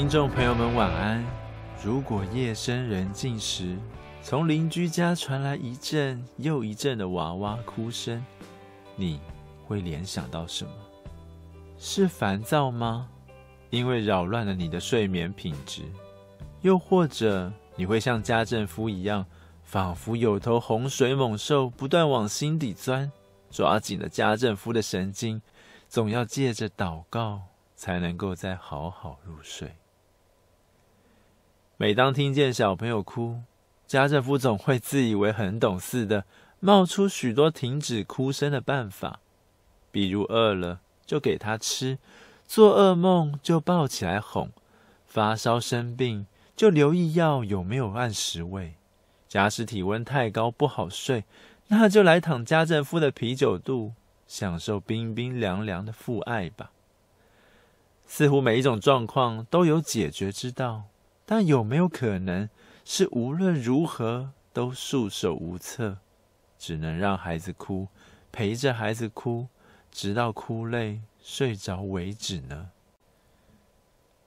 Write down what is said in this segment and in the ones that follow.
聽眾朋友們，晚安。如果夜深人靜時，從鄰居家傳來一陣又一陣的娃娃哭聲，你會聯想到什麼？是煩躁嗎？因為擾亂了你的睡眠品質，又或者你會像家政夫一樣，仿佛有頭洪水猛獸不斷往心底鑽，抓緊了家政夫的神經，總要借着禱告才能夠再好好入睡。每當聽見小朋友哭，家政夫總會自以為很懂事的，冒出許多停止哭聲的辦法，比如餓了就給他吃，做噩夢就抱起來哄，發燒生病就留意藥有沒有按時餵。假使體溫太高不好睡，那就來躺家政夫的啤酒肚，享受冰冰涼涼的父愛吧。似乎每一種狀況都有解決之道。但有沒有可能是無論如何都束手無策，只能讓孩子哭，陪着孩子哭，直到哭累睡着為止呢？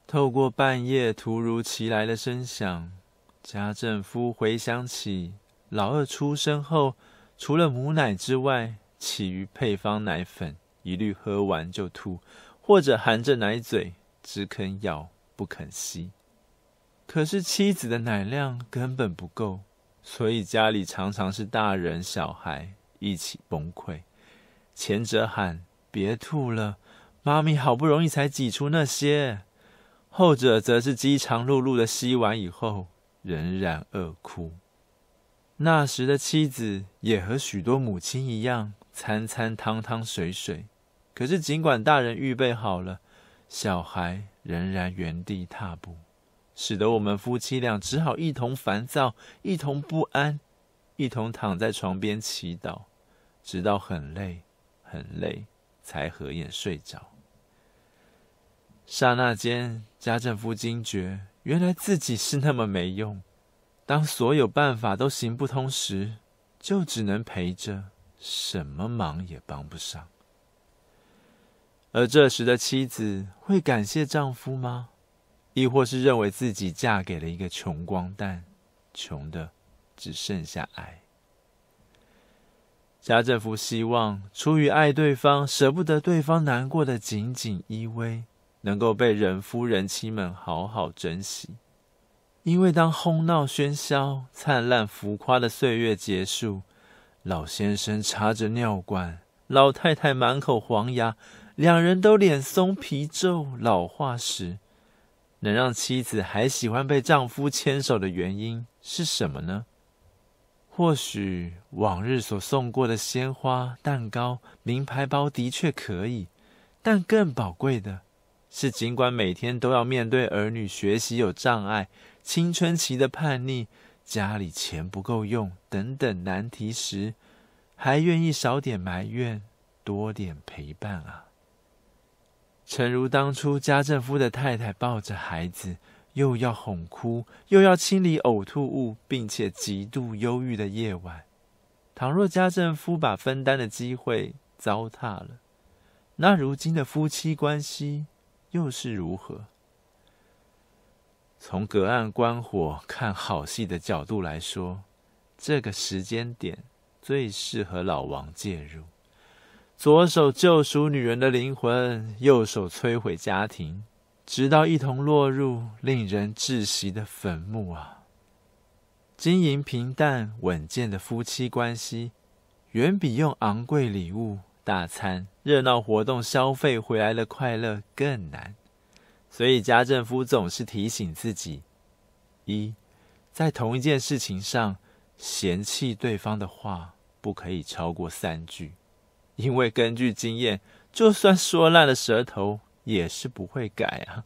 透過半夜突如其來的聲響，家政夫回想起老二出生後，除了母奶之外，其餘配方奶粉一律喝完就吐，或者含着奶嘴只肯咬不肯吸。可是妻子的奶量根本不夠，所以家裡常常是大人小孩一起崩潰。前者喊：“別吐了，媽咪好不容易才擠出那些。”後者則是飢腸轆轆的吸完以後，仍然餓哭。那時的妻子也和許多母親一樣，餐餐湯湯水水。可是儘管大人預備好了，小孩仍然原地踏步。使得我們夫妻倆只好一同煩躁，一同不安，一同躺在床邊祈禱，直到很累很累才合眼睡着。剎那間，家政夫驚覺，原來自己是那麼沒用。當所有辦法都行不通時，就只能陪着，什麼忙也幫不上。而這時的妻子會感謝丈夫嗎？亦或是認為自己嫁給了一個窮光蛋，窮得只剩下愛。家政夫希望出於愛對方，舍不得對方難過的緊緊依偎，能夠被人夫人妻們好好珍惜。因為當哄鬧喧囂、燦爛浮誇的歲月結束，老先生插着尿管，老太太滿口黃牙，兩人都臉鬆皮皺、老化時。能讓妻子還喜歡被丈夫牽手的原因是什麼呢？或許往日所送過的鮮花、蛋糕、名牌包的確可以，但更寶貴的是，儘管每天都要面對兒女學習有障礙、青春期的叛逆、家裡錢不夠用等等難題時，還願意少點埋怨，多點陪伴啊。誠如當初家政夫的太太抱着孩子，又要哄哭，又要清理嘔吐物，並且極度憂鬱的夜晚，倘若家政夫把分擔的機會糟蹋了，那如今的夫妻關係又是如何？從隔岸觀火看好戲的角度來說，這個時間點最適合老王介入。左手救贖女人的靈魂，右手摧毀家庭，直到一同落入令人窒息的墳墓啊！經營平淡穩健的夫妻關係，遠比用昂貴禮物、大餐、熱鬧活動消費回來的快樂更難。所以家政夫總是提醒自己：一，在同一件事情上嫌棄對方的話，不可以超過三句。因為根據經驗，就算說爛了舌頭也是不會改啊。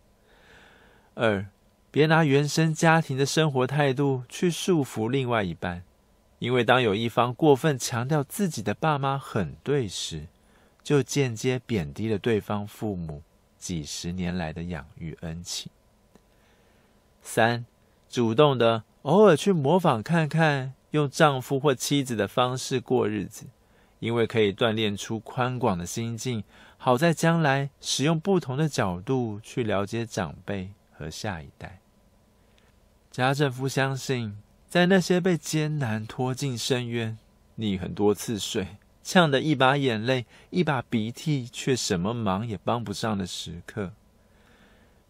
二，別拿原生家庭的生活態度去束縛另外一半，因為當有一方過分強調自己的爸媽很對時，就間接貶低了對方父母幾十年來的養育恩情。三，主動的偶爾去模仿看看，用丈夫或妻子的方式過日子。因為可以鍛鍊出寬廣的心境，好在將來使用不同的角度去了解長輩和下一代。家政夫相信，在那些被艱難拖進深淵、溺很多次水、嗆得一把眼淚一把鼻涕，卻什麼忙也幫不上的時刻，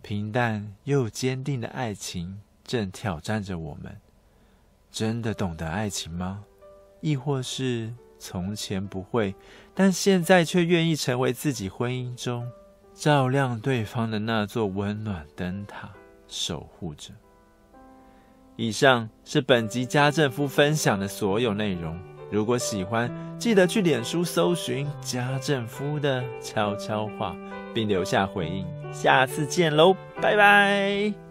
平淡又堅定的愛情正挑戰着我們：真的懂得愛情嗎？亦或是？從前不會，但現在卻願意成為自己婚姻中照亮對方的那座溫暖燈塔，守護着。以上是本集家政夫分享的所有內容。如果喜歡，記得去臉書搜尋家政夫的悄悄話，並留下回應。下次見嘍，拜拜！